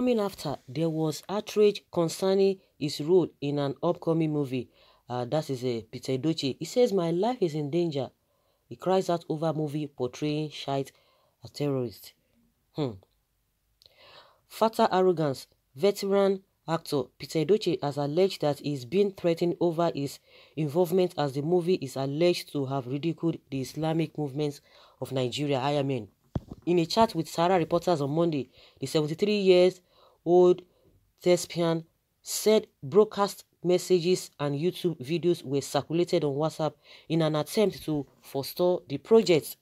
Coming after, there was outrage concerning his role in an upcoming movie. Uh, that is a uh, Peter Doce. He says, My life is in danger. He cries out over movie portraying Shite as terrorist. Hmm. Fatal arrogance. Veteran actor Peter Doce has alleged that he's been threatened over his involvement as the movie is alleged to have ridiculed the Islamic movements of Nigeria. I mean, in a chat with Sarah reporters on Monday, the 73 years old thespian, said broadcast messages and YouTube videos were circulated on WhatsApp in an attempt to forestall the project.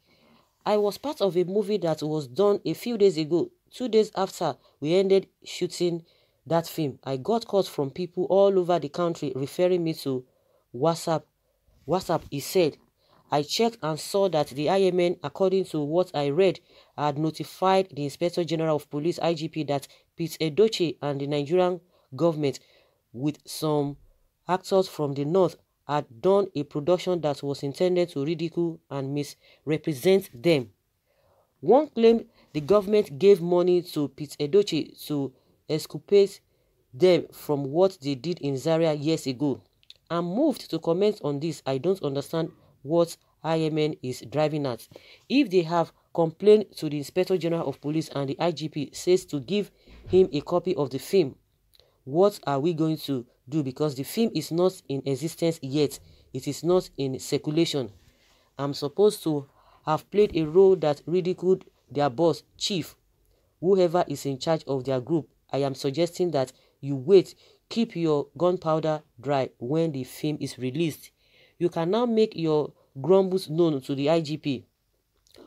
I was part of a movie that was done a few days ago. Two days after we ended shooting that film, I got calls from people all over the country referring me to WhatsApp. WhatsApp, he said. I checked and saw that the IMN, according to what I read, had notified the Inspector General of Police IGP that Pete Edoche and the Nigerian government with some actors from the north had done a production that was intended to ridicule and misrepresent them. One claimed the government gave money to Pete Edoche to exculpate them from what they did in Zaria years ago. I'm moved to comment on this. I don't understand what IMN is driving at. If they have complained to the Inspector General of Police and the IGP says to give him a copy of the film. What are we going to do? Because the film is not in existence yet. It is not in circulation. I'm supposed to have played a role that ridiculed their boss, chief, whoever is in charge of their group. I am suggesting that you wait, keep your gunpowder dry when the film is released. You can now make your grumbles known to the IGP.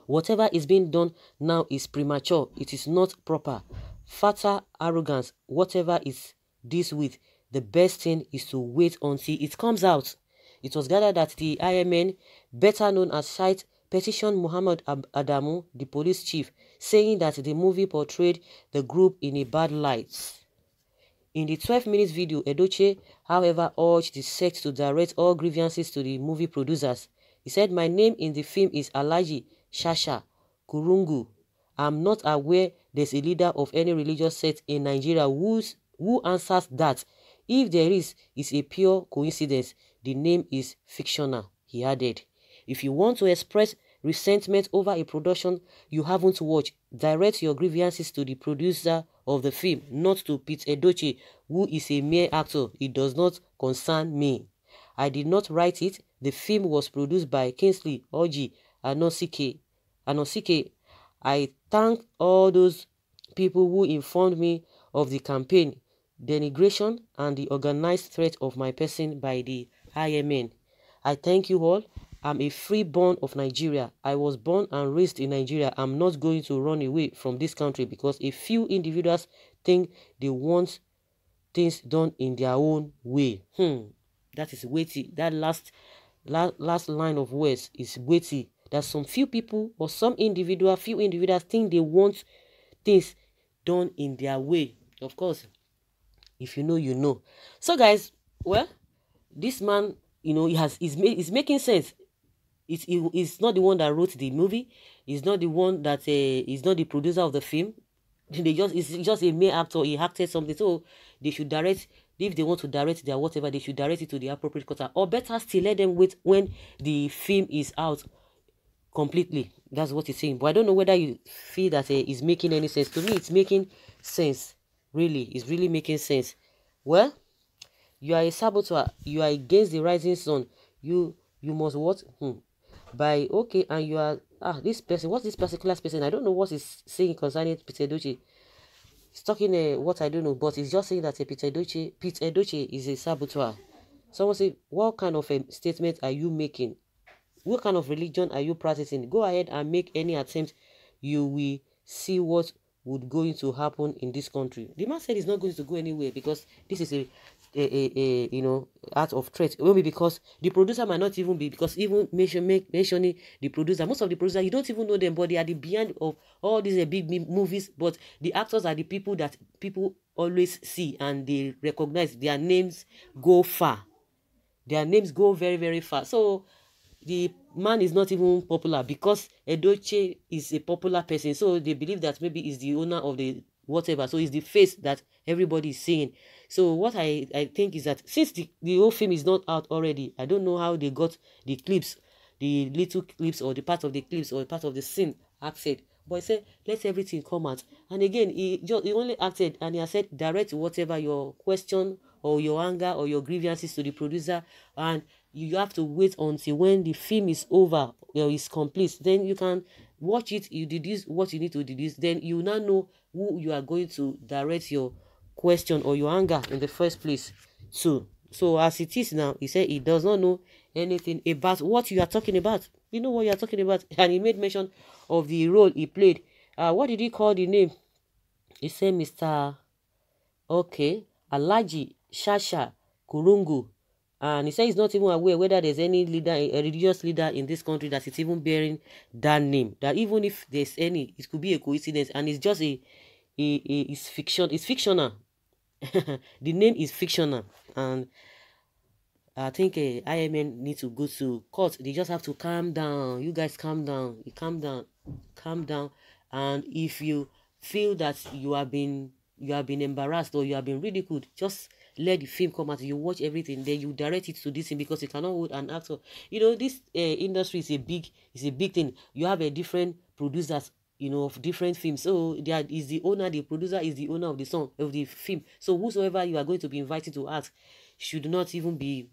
Whatever is being done now is premature, it is not proper. Fatal arrogance, whatever is this with, the best thing is to wait until it comes out. It was gathered that the IMN, better known as Site, petitioned Muhammad Adamu, the police chief, saying that the movie portrayed the group in a bad light. In the 12 minutes video, Edoche, however, urged the sect to direct all grievances to the movie producers. He said, My name in the film is Alaji, Shasha Kurungu, I'm not aware there's a leader of any religious sect in Nigeria who's, who answers that. If there is, it's a pure coincidence. The name is fictional, he added. If you want to express resentment over a production you haven't watched, direct your grievances to the producer of the film, not to Pete Edochie, who is a mere actor. It does not concern me. I did not write it. The film was produced by Kingsley Oji Anosike. Anosike, I thank all those people who informed me of the campaign, denigration, and the organized threat of my person by the IMN. I thank you all. I'm a freeborn of Nigeria. I was born and raised in Nigeria. I'm not going to run away from this country because a few individuals think they want things done in their own way. Hmm. That is weighty. That last, last, last line of words is weighty that some few people or some individual, few individuals think they want things done in their way. Of course, if you know, you know. So, guys, well, this man, you know, he has is is making sense. It's, not the one that wrote the movie. He's not the one that is eh, uh, not the producer of the film. They just it's just a mere actor. He acted something, so they should direct if they want to direct their whatever, they should direct it to the appropriate quarter. Or better still, let them wait when the film is out completely. That's what he's saying. But I don't know whether you feel that uh, it's making any sense. To me, it's making sense. Really, it's really making sense. Well, you are a saboteur. You are against the rising sun. You you must what? Hmm. By okay, and you are ah this person. What's this particular person? I don't know what he's saying concerning Peter Ducci. He's talking uh, what I don't know, but he's just saying that uh, Peter Ducci Peter Ducci is a saboteur. Someone say, what kind of a statement are you making? What kind of religion are you practicing? Go ahead and make any attempt. You will see what would going to happen in this country. The man said he's not going to go anywhere because this is a, a, a, a you know out of threat. Maybe because the producer might not even be because even mention, make, mentioning the producer, most of the producers you don't even know them, but they are the beyond of all these eh, big movies. But the actors are the people that people always see and they recognize. Their names go far. Their names go very very far. So the man is not even popular because Edoche is a popular person. So they believe that maybe he's the owner of the whatever. So it's the face that everybody is seeing. So what I, I think is that since the, the whole film is not out already, I don't know how they got the clips, the little clips or the part of the clips or part of the scene acted. But he said, let everything come out. And again, he just he only acted and he said, direct whatever your question or your anger or your grievances to the producer and you have to wait until when the film is over or is complete then you can watch it you this. what you need to do this, then you now know who you are going to direct your question or your anger in the first place So, so as it is now he said he does not know anything about what you are talking about you know what you are talking about and he made mention of the role he played uh what did he call the name he said mr okay alaji Shasha, Kurungu, and he said he's not even aware whether there's any leader, a religious leader in this country that is even bearing that name. That even if there's any, it could be a coincidence, and it's just a, a, a it's fiction. It's fictional. the name is fictional, and I think uh, eh, IMN need to go to court. They just have to calm down. You guys, calm down. You calm down, calm down. And if you feel that you have been you have been embarrassed or you have been ridiculed, just let the film come out you watch everything then you direct it to this thing because you cannot hold an actor you know this uh, industry is a big is a big thing you have a different producers you know of different films so there is the owner the producer is the owner of the song of the film so whosoever you are going to be invited to act should not even be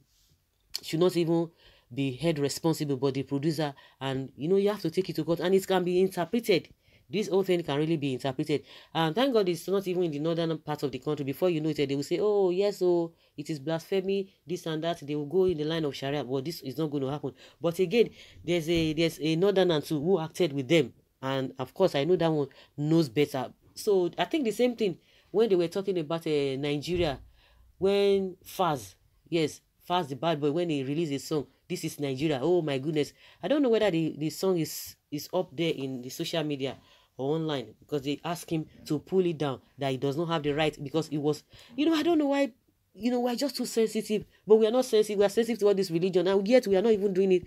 should not even be held responsible by the producer and you know you have to take it to court and it can be interpreted this whole thing can really be interpreted. And thank God it's not even in the northern part of the country. Before you know it, they will say, oh, yes, oh, it is blasphemy, this and that. They will go in the line of Sharia. Well, this is not going to happen. But again, there's a there's a northern and who acted with them. And of course, I know that one knows better. So I think the same thing when they were talking about uh, Nigeria, when Faz, yes, Faz the bad boy, when he released his song, this is Nigeria. Oh my goodness. I don't know whether the, the song is, is up there in the social media online because they ask him to pull it down that he does not have the right because it was you know i don't know why you know we're just too sensitive but we are not sensitive we are sensitive to all this religion and yet we are not even doing it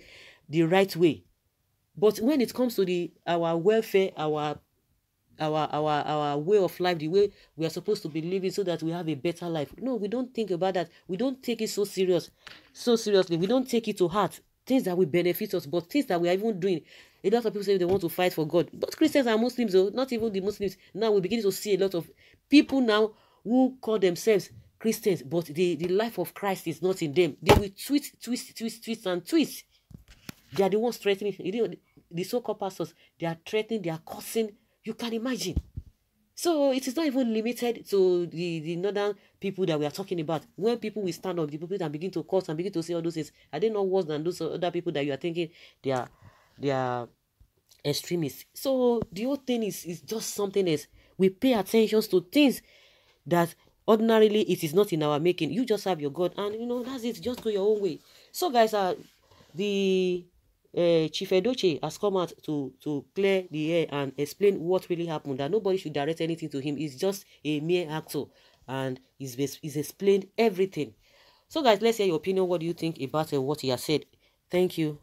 the right way but when it comes to the our welfare our our our our way of life the way we are supposed to be living so that we have a better life no we don't think about that we don't take it so serious so seriously we don't take it to heart things that will benefit us but things that we are even doing a lot of people say they want to fight for God. but Christians and Muslims, though, not even the Muslims. Now we begin to see a lot of people now who call themselves Christians, but the, the life of Christ is not in them. They will twist, twist, twist, twist, and twist. They are the ones threatening. You know, the so-called pastors, they are threatening, they are cursing. You can imagine. So it is not even limited to the, the northern people that we are talking about. When people will stand up, the people that begin to curse and begin to say all those things, are they not worse than those other people that you are thinking they are their extremists. So the whole thing is, is just something is We pay attention to things that ordinarily it is not in our making. You just have your God, and you know that's it. Just go your own way. So, guys, uh, the uh, Chief Edoche has come out to to clear the air and explain what really happened. That nobody should direct anything to him. He's just a mere actor, and he's he's explained everything. So, guys, let's hear your opinion. What do you think about uh, what he has said? Thank you.